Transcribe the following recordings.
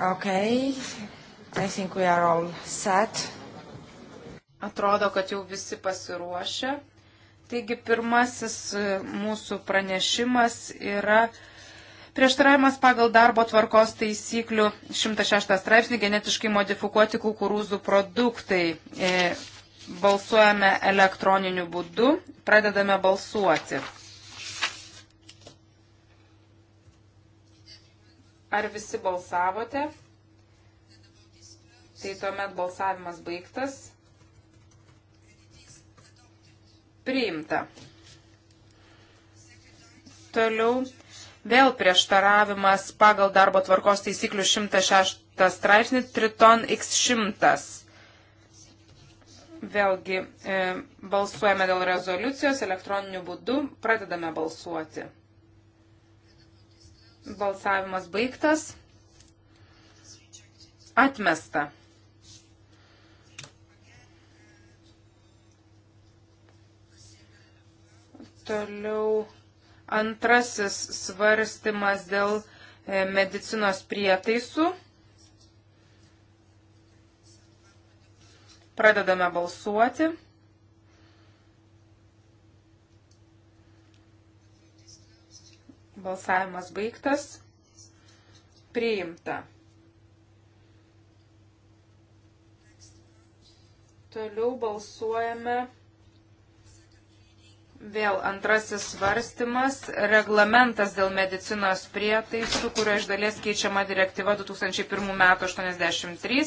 Okay. I think we are all set. Atrodo, kad jau visi pasiruošę. Taigi pirmasis e, mūsų pranešimas yra prieštaravimas pagal darbo tvarkos taisyklių 106 straipsnį genetiškai modifikuoti kukurūzų produktai. E, balsuojame elektroniniu būdu, pradedame balsuoti. Ar visi balsavote? Tai tuomet balsavimas baigtas. Priimta. Toliau vėl prieštaravimas pagal darbo tvarkos taisyklių 106 straipsnį Triton X100. Vėlgi e, balsuojame dėl rezoliucijos elektroniniu būdu, pradedame balsuoti. Balsavimas baigtas. Atmesta. Toliau antrasis svarstymas dėl e, medicinos prietaisų. Pradedame balsuoti. Balsavimas baigtas. Priimta. Toliau balsuojame Vėl antrasis svarstymas - reglamentas dėl medicinos prietaisų, kurio iš dalies keičiama direktyva 2001 m. 83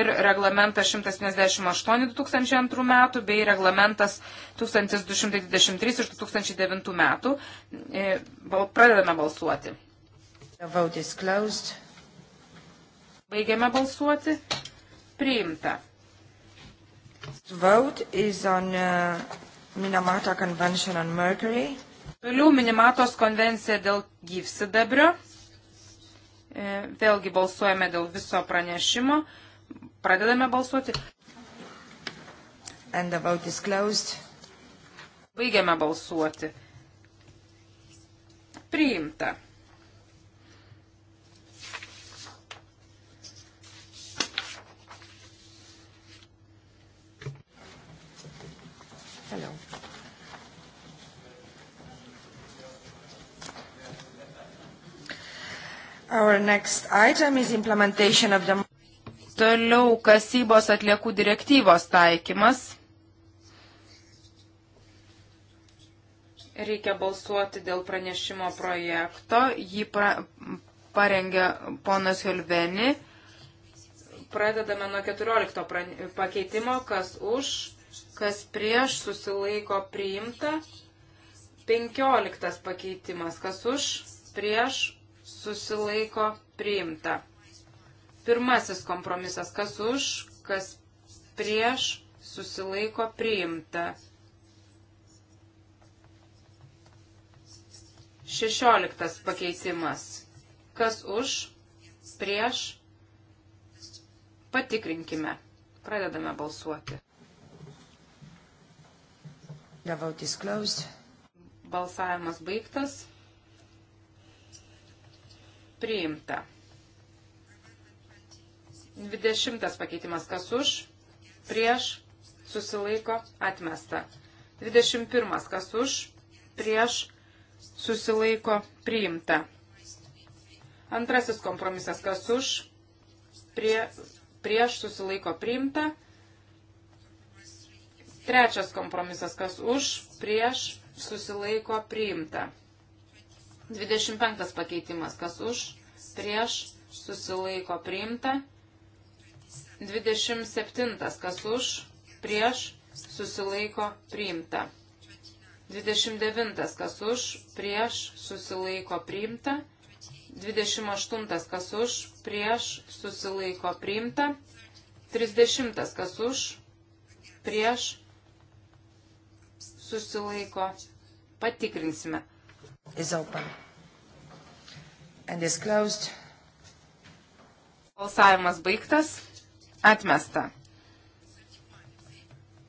ir reglamentas 158 2002 m. bei reglamentas 1223 iš 2009 m. E, pradedame balsuoti. Baigiame balsuoti. Priimta. Vote is on, uh... Minamato Convention on Mercury. Toliau Minimatos konvencija dėl gyvsidabrio. E, vėlgi balsuojame dėl viso pranešimo. Pradedame balsuoti. And the vote is closed. Baigiame balsuoti. Priimta. Our next item is implementation of the... Toliau kasybos atliekų direktyvos taikymas. Reikia balsuoti dėl pranešimo projekto. Jį pra, parengė ponas Helveni. Pradedame nuo 14 prane, pakeitimo, kas už, kas prieš, susilaiko priimta. 15 pakeitimas, kas už, prieš, susilaiko priimta. Pirmasis kompromisas, kas už, kas prieš, susilaiko priimta. Šešioliktas pakeitimas, kas už, prieš, patikrinkime. Pradedame balsuoti. Balsavimas baigtas priimta. 20 pakeitimas kas už, prieš, susilaiko, atmesta. 21 kas už, prieš, susilaiko, priimta. Antrasis kompromisas kas už, prie, prieš, susilaiko, priimta. Trečias kompromisas kas už, prieš, susilaiko, priimta. 25 pakeitimas. Kas už, prieš, susilaiko priimta. 27. Kas už, prieš, susilaiko priimta. 29. Kas už, prieš, susilaiko priimta. 28. Kas už, prieš, susilaiko priimta. 30. Kas už, prieš, susilaiko. Patikrinsime is open and is closed. Balsavimas baigtas. Atmesta.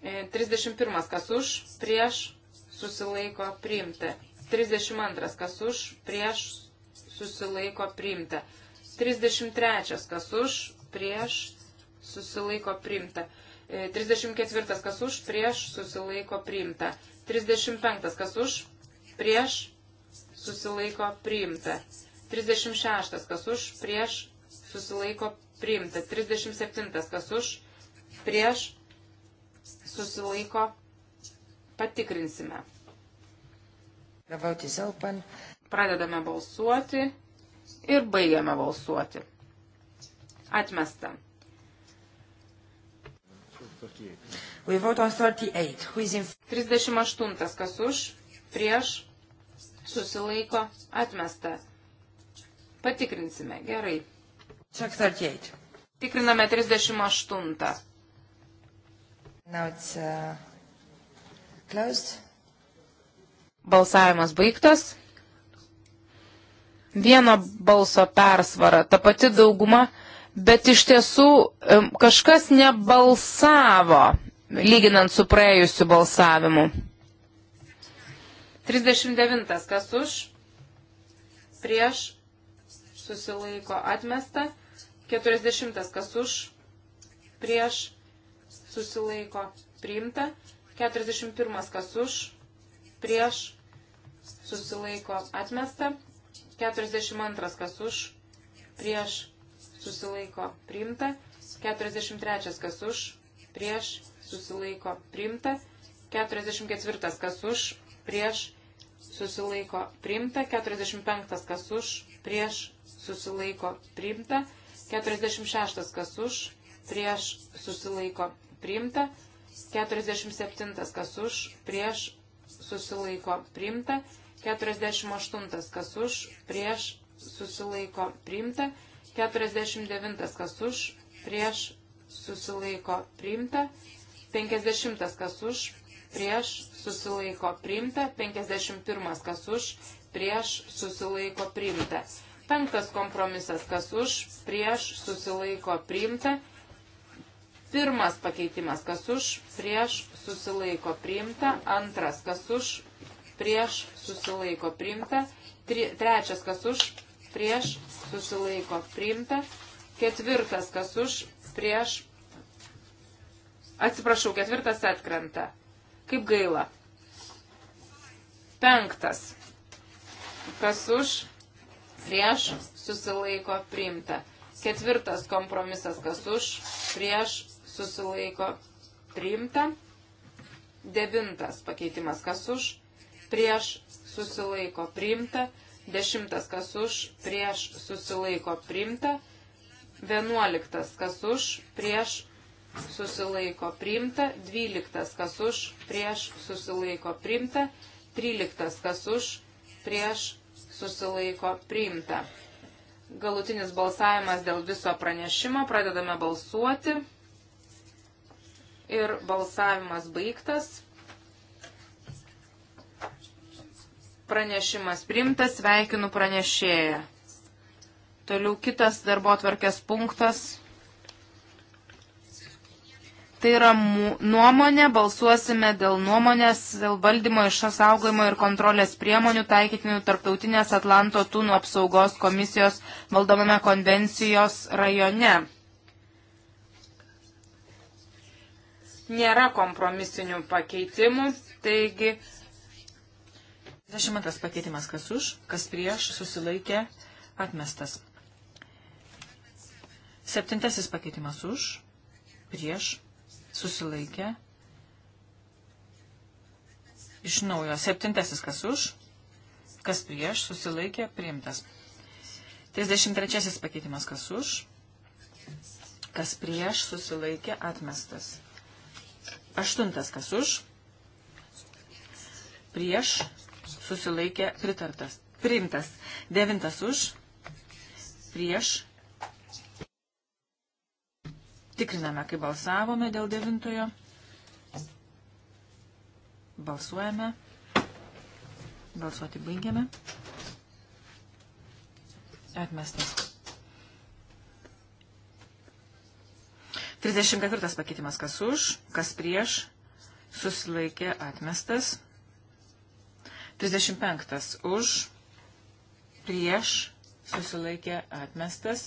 31. E, kas už, prieš, susilaiko, priimta. 32. Kas už, prieš, susilaiko, priimta. 33. Kas už, prieš, susilaiko, priimta. 34. E, kas už, prieš, susilaiko, priimta. 35. Kas už, prieš, susilaiko priimta. 36 kas už, prieš susilaiko priimta. 37 kas už, prieš susilaiko patikrinsime. Pradedame balsuoti ir baigiame balsuoti. Atmesta. We vote on 38. Who is in... 38. Kas už? Prieš? susilaiko, atmesta. Patikrinsime, gerai. Check 38. Tikriname 38. Now it's uh, closed. Balsavimas baigtas. Vieno balso persvara, ta pati dauguma, bet iš tiesų kažkas nebalsavo, lyginant su praėjusiu balsavimu. 39. Kas už? Prieš susilaiko atmesta. 40. Kas už? Prieš susilaiko priimta. 41. Kas už? Prieš susilaiko atmesta. 42. Kas už? Prieš susilaiko priimta. 43. Kas už? Prieš susilaiko priimta. 44. Kas už? prieš susilaiko priimta, 45 kas už, prieš susilaiko priimta, 46 kas už, prieš susilaiko priimta, 47 kas už, prieš susilaiko priimta, 48 kas už, prieš susilaiko priimta, 49 kas už, prieš susilaiko priimta, 50 kas už, prieš susilaiko priimta, 51 kas už, prieš susilaiko priimta. Penktas kompromisas kas už, prieš susilaiko priimta. Pirmas pakeitimas kas už, prieš susilaiko priimta. Antras kas už, prieš susilaiko priimta. Tri, trečias kas už, prieš susilaiko priimta. Ketvirtas kas už, prieš. Atsiprašau, ketvirtas atkrenta. Kaip gaila. Penktas. Kas už, prieš, susilaiko priimta. Ketvirtas kompromisas, kas už, prieš, susilaiko priimta. Devintas pakeitimas, kas už, prieš, susilaiko priimta. Dešimtas, kas už, prieš, susilaiko priimta. Vienuoliktas, kas už, prieš, susilaiko priimta, 12 kas už, prieš susilaiko priimta, 13 kas už, prieš susilaiko priimta. Galutinis balsavimas dėl viso pranešimo, pradedame balsuoti ir balsavimas baigtas. Pranešimas priimtas, sveikinu pranešėją. Toliau kitas darbo atvarkės punktas. Tai yra nuomonė, balsuosime dėl nuomonės, dėl valdymo iš saugojimo ir kontrolės priemonių taikytinių tarptautinės Atlanto tūnų apsaugos komisijos valdomame konvencijos rajone. Nėra kompromisinių pakeitimų, taigi. 22 pakeitimas kas už, kas prieš, susilaikė, atmestas. Septintasis pakeitimas už, prieš, susilaikė. Iš naujo, septintasis kas už, kas prieš, susilaikė, priimtas. 33 pakeitimas kas už, kas prieš, susilaikė, atmestas. Aštuntas kas už, prieš, susilaikė, pritartas, priimtas. Devintas už, prieš, Tikriname, kai balsavome dėl devintojo. Balsuojame. Balsuoti baigiame. Atmestas. 34 pakeitimas kas už, kas prieš, susilaikė atmestas. 35 už, prieš, susilaikė atmestas.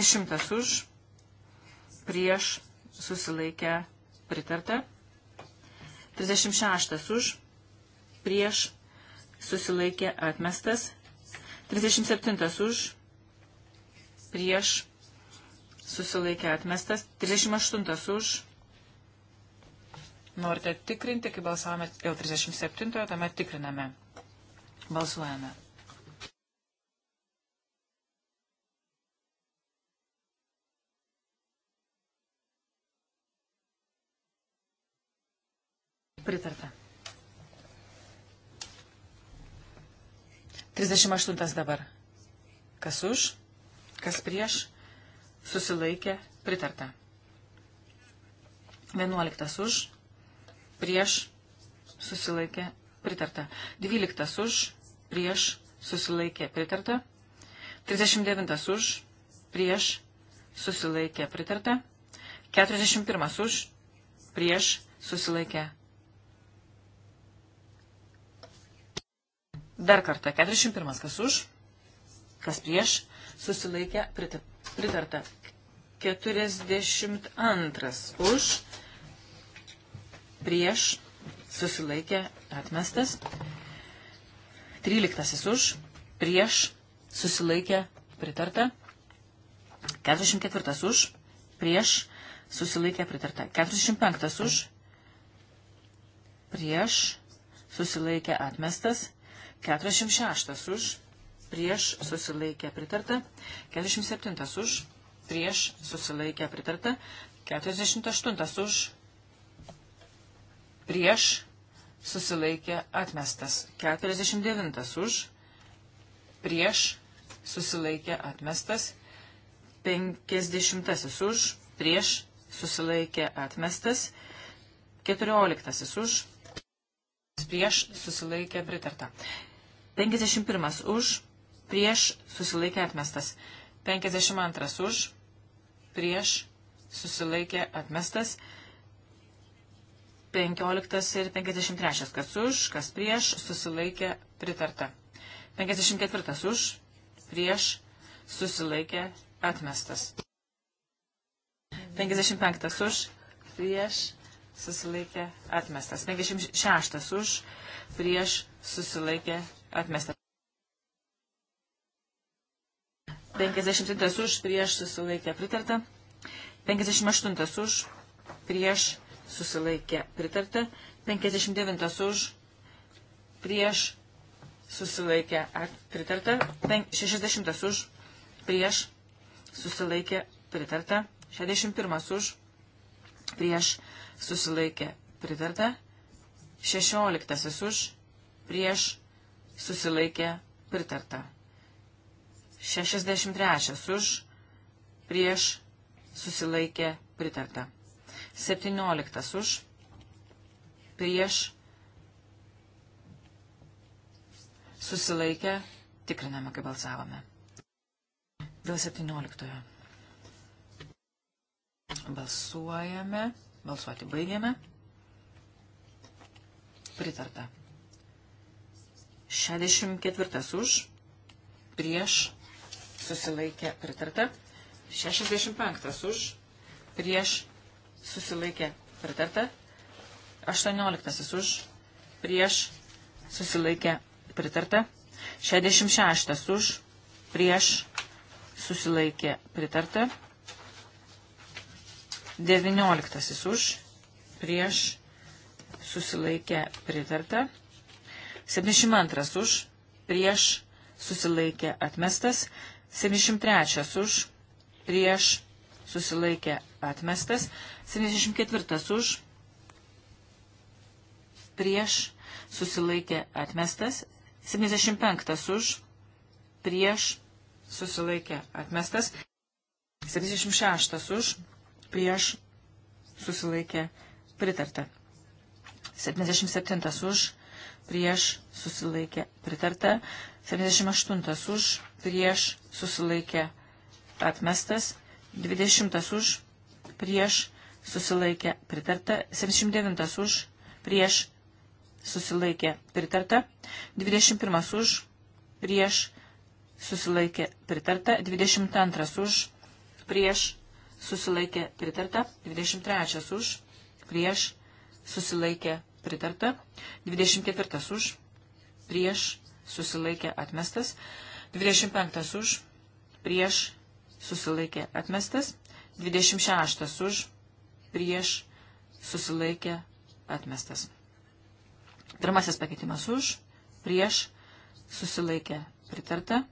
10 už, prieš susilaikę pritarta. 36 už prieš susilaikė atmestas. 37 už prieš susilaikė atmestas. 38 už. Norite tikrinti, kai balsavome dėl 37, tuomet tikriname. Balsuojame. Pritarta. 38 dabar. Kas už, kas prieš, susilaikė, pritarta. 11 už, prieš, susilaikė, pritarta. 12 už, prieš, susilaikė, pritarta. 39 už, prieš, susilaikė, pritarta. 41 už, prieš, susilaikė, Dar kartą, 41. Kas už, kas prieš, susilaikė, pritarta. 42. Už, prieš, susilaikė, atmestas. 13. Už, prieš, susilaikė, pritarta. 44. Už, prieš, susilaikė, pritarta. 45. Už, prieš, susilaikė, atmestas. 46 už, prieš susilaikę pritarta, 47 už, prieš susilaikę pritarta, 48 už, prieš susilaikė atmestas, 49 už, prieš susilaikė atmestas, 50 už, prieš susilaikė atmestas, 14 už, prieš susilaikė pritarta. 51 už, prieš susilaikė atmestas. 52 už, prieš susilaikė atmestas. 15 ir 53, kas už, kas prieš, susilaikė pritarta. 54 už, prieš, susilaikė atmestas. 55 už, prieš, susilaikė atmestas. 56 už, prieš, susilaikė atmesta. 57 už, prieš susilaikė pritarta. 58 už, prieš susilaikė pritarta. 59 už, prieš susilaikė pritarta. 60 už, prieš susilaikė pritarta. 61 už, prieš susilaikė pritarta. 16 už, prieš susilaikė pritarta. 63 už, prieš susilaikė pritarta. 17 už, prieš susilaikė, tikriname, kaip balsavome. Dėl 17. Balsuojame, balsuoti baigiame. Pritarta. 64 už, prieš, susilaikė pritarta. 65 už, prieš, susilaikė pritarta. 18 už, prieš, susilaikė pritarta. 66 už, prieš, susilaikė pritarta. 19 už, prieš, susilaikė pritarta. 72 už, prieš, susilaikė atmestas. 73 už, prieš, susilaikė atmestas. 74 už, prieš, susilaikė atmestas. 75 už, prieš, susilaikė atmestas. 76 už, prieš, susilaikė pritarta. 77 už, prieš susilaikė pritarta, 78 už, prieš susilaikė atmestas, 20 už, prieš susilaikė pritarta, 79 už, prieš susilaikė pritarta, 21 už, prieš susilaikė pritarta, 22 už, prieš susilaikė pritarta, 23 už, prieš susilaikė pritarta pritarta, 24 už, prieš, susilaikė atmestas, 25 už, prieš, susilaikė atmestas, 26 už, prieš, susilaikė atmestas. Pirmasis pakeitimas už, prieš, susilaikė pritarta,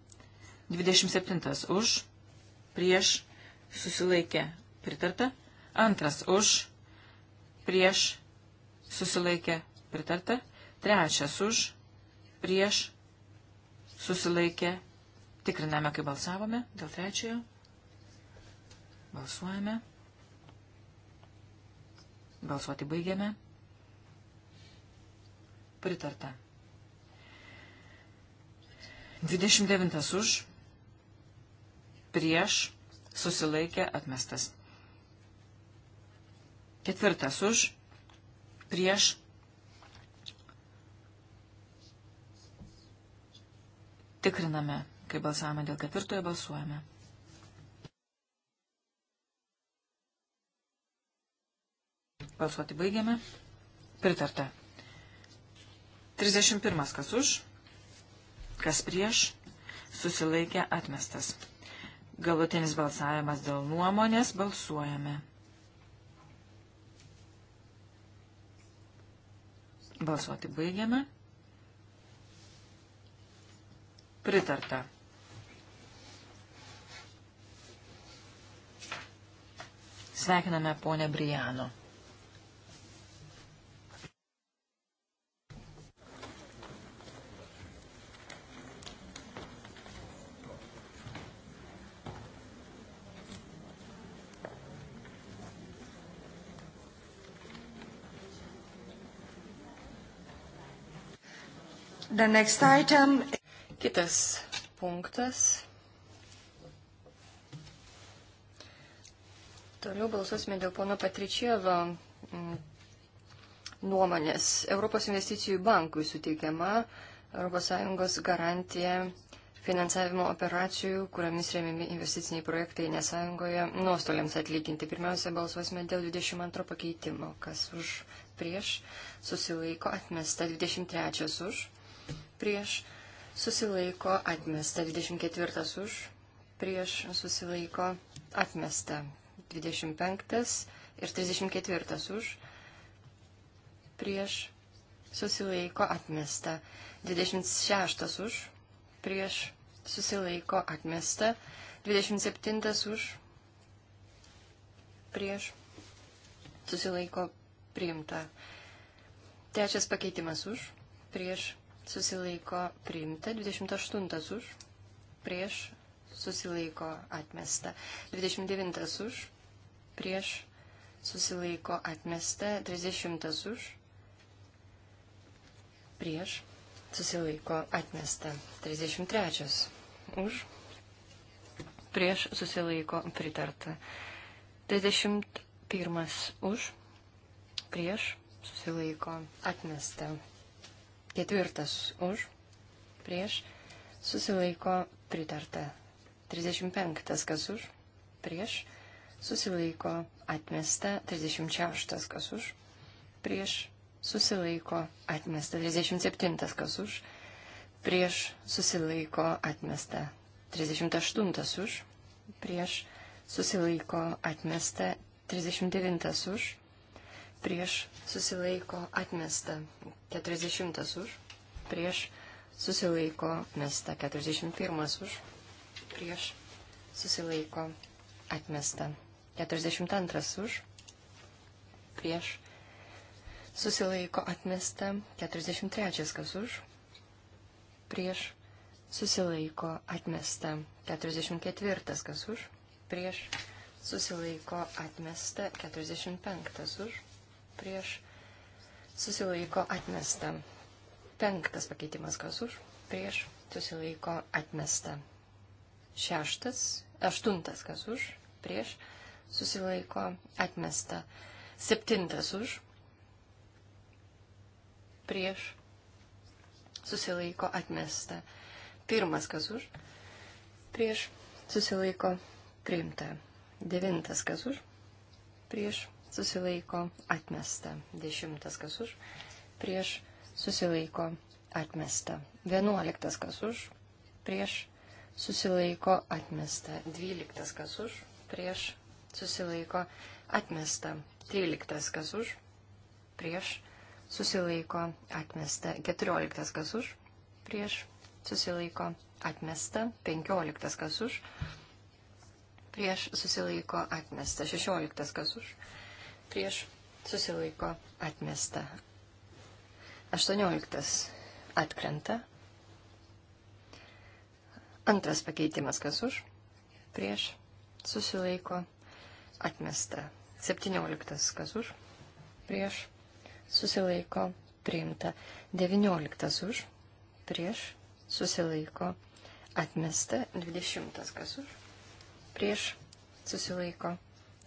27 už, prieš, susilaikė pritarta, antras už, prieš, susilaikė pritarta, trečias už, prieš susilaikė, tikriname, kaip balsavome, dėl trečiojo, balsuojame, balsuoti baigiame, pritarta. 29 už, prieš, susilaikė atmestas. Ketvirtas už, prieš. Tikriname, kai balsavome dėl ketvirtojo balsuojame. Balsuoti baigiame. Pritarta. 31. Kas už, kas prieš, susilaikė atmestas. Galutinis balsavimas dėl nuomonės balsuojame. Balsuoti baigiame. Pritarta. Sveikiname ponę Brijano. Item... Kitas punktas. Toliau balsuosime dėl pono Patričievo mm, nuomonės. Europos investicijų bankui suteikiama ES garantija finansavimo operacijų, kuriamis remiami investiciniai projektai nesąjungoje, nuostoliams atlyginti. Pirmiausia, balsuosime dėl 22 pakeitimo. Kas už prieš susilaiko atmesta 23 už prieš susilaiko atmesta, 24 už prieš susilaiko atmesta, 25 ir 34 už prieš susilaiko atmesta, 26 už prieš susilaiko atmesta, 27 už prieš susilaiko priimta. Trečias pakeitimas už prieš susilaiko priimta, 28 už, prieš susilaiko atmesta, 29 už, prieš susilaiko atmesta, 30 už, prieš susilaiko atmesta, 33 už, prieš susilaiko pritarta, 31 už, prieš susilaiko atmesta. Ketvirtas už, prieš, susilaiko pritarta. 35. Kas už, prieš, susilaiko atmesta. 36. Kas už, prieš, susilaiko atmesta. 37. Kas už, prieš, susilaiko atmesta. 38. Už, prieš, susilaiko atmesta. 39. Už, prieš susilaiko atmesta 40 už, prieš susilaiko atmesta 41 už, prieš susilaiko atmesta 42 už, prieš susilaiko atmesta 43 kas už, prieš susilaiko atmesta 44 kas už, prieš susilaiko atmesta 45 už prieš susilaiko atmesta. Penktas pakeitimas kas už, prieš susilaiko atmesta. Šeštas, aštuntas kas už, prieš susilaiko atmesta. Septintas už, prieš susilaiko atmesta. Pirmas kas už, prieš susilaiko priimta. Devintas kas už, prieš susilaiko atmesta. Dešimtas kas už, prieš susilaiko atmesta. Vienuoliktas kas už, prieš susilaiko atmesta. Dvyliktas kas už, prieš susilaiko atmesta. Tryliktas kas už, prieš susilaiko atmesta. Keturioliktas kas už, prieš susilaiko atmesta. Penkioliktas kas už, prieš susilaiko atmesta. Šešioliktas kas už, prieš susilaiko atmesta prieš susilaiko atmesta. 18 atkrenta. Antras pakeitimas kas už, prieš susilaiko atmesta. 17 kas už, prieš susilaiko priimta. 19 už, prieš susilaiko atmesta. 20 kas už, prieš susilaiko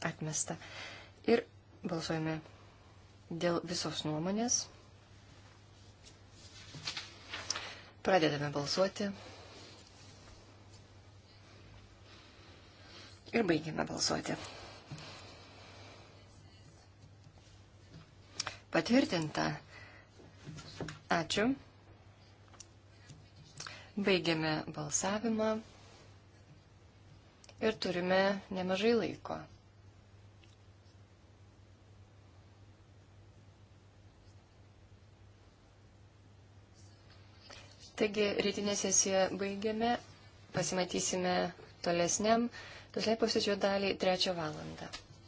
atmesta. Ir Balsuojame dėl visos nuomonės. Pradedame balsuoti. Ir baigiame balsuoti. Patvirtinta. Ačiū. Baigiame balsavimą ir turime nemažai laiko. Taigi rytinę sesiją baigiame, pasimatysime tolesniam, tolesniai posėdžio daliai trečią valandą.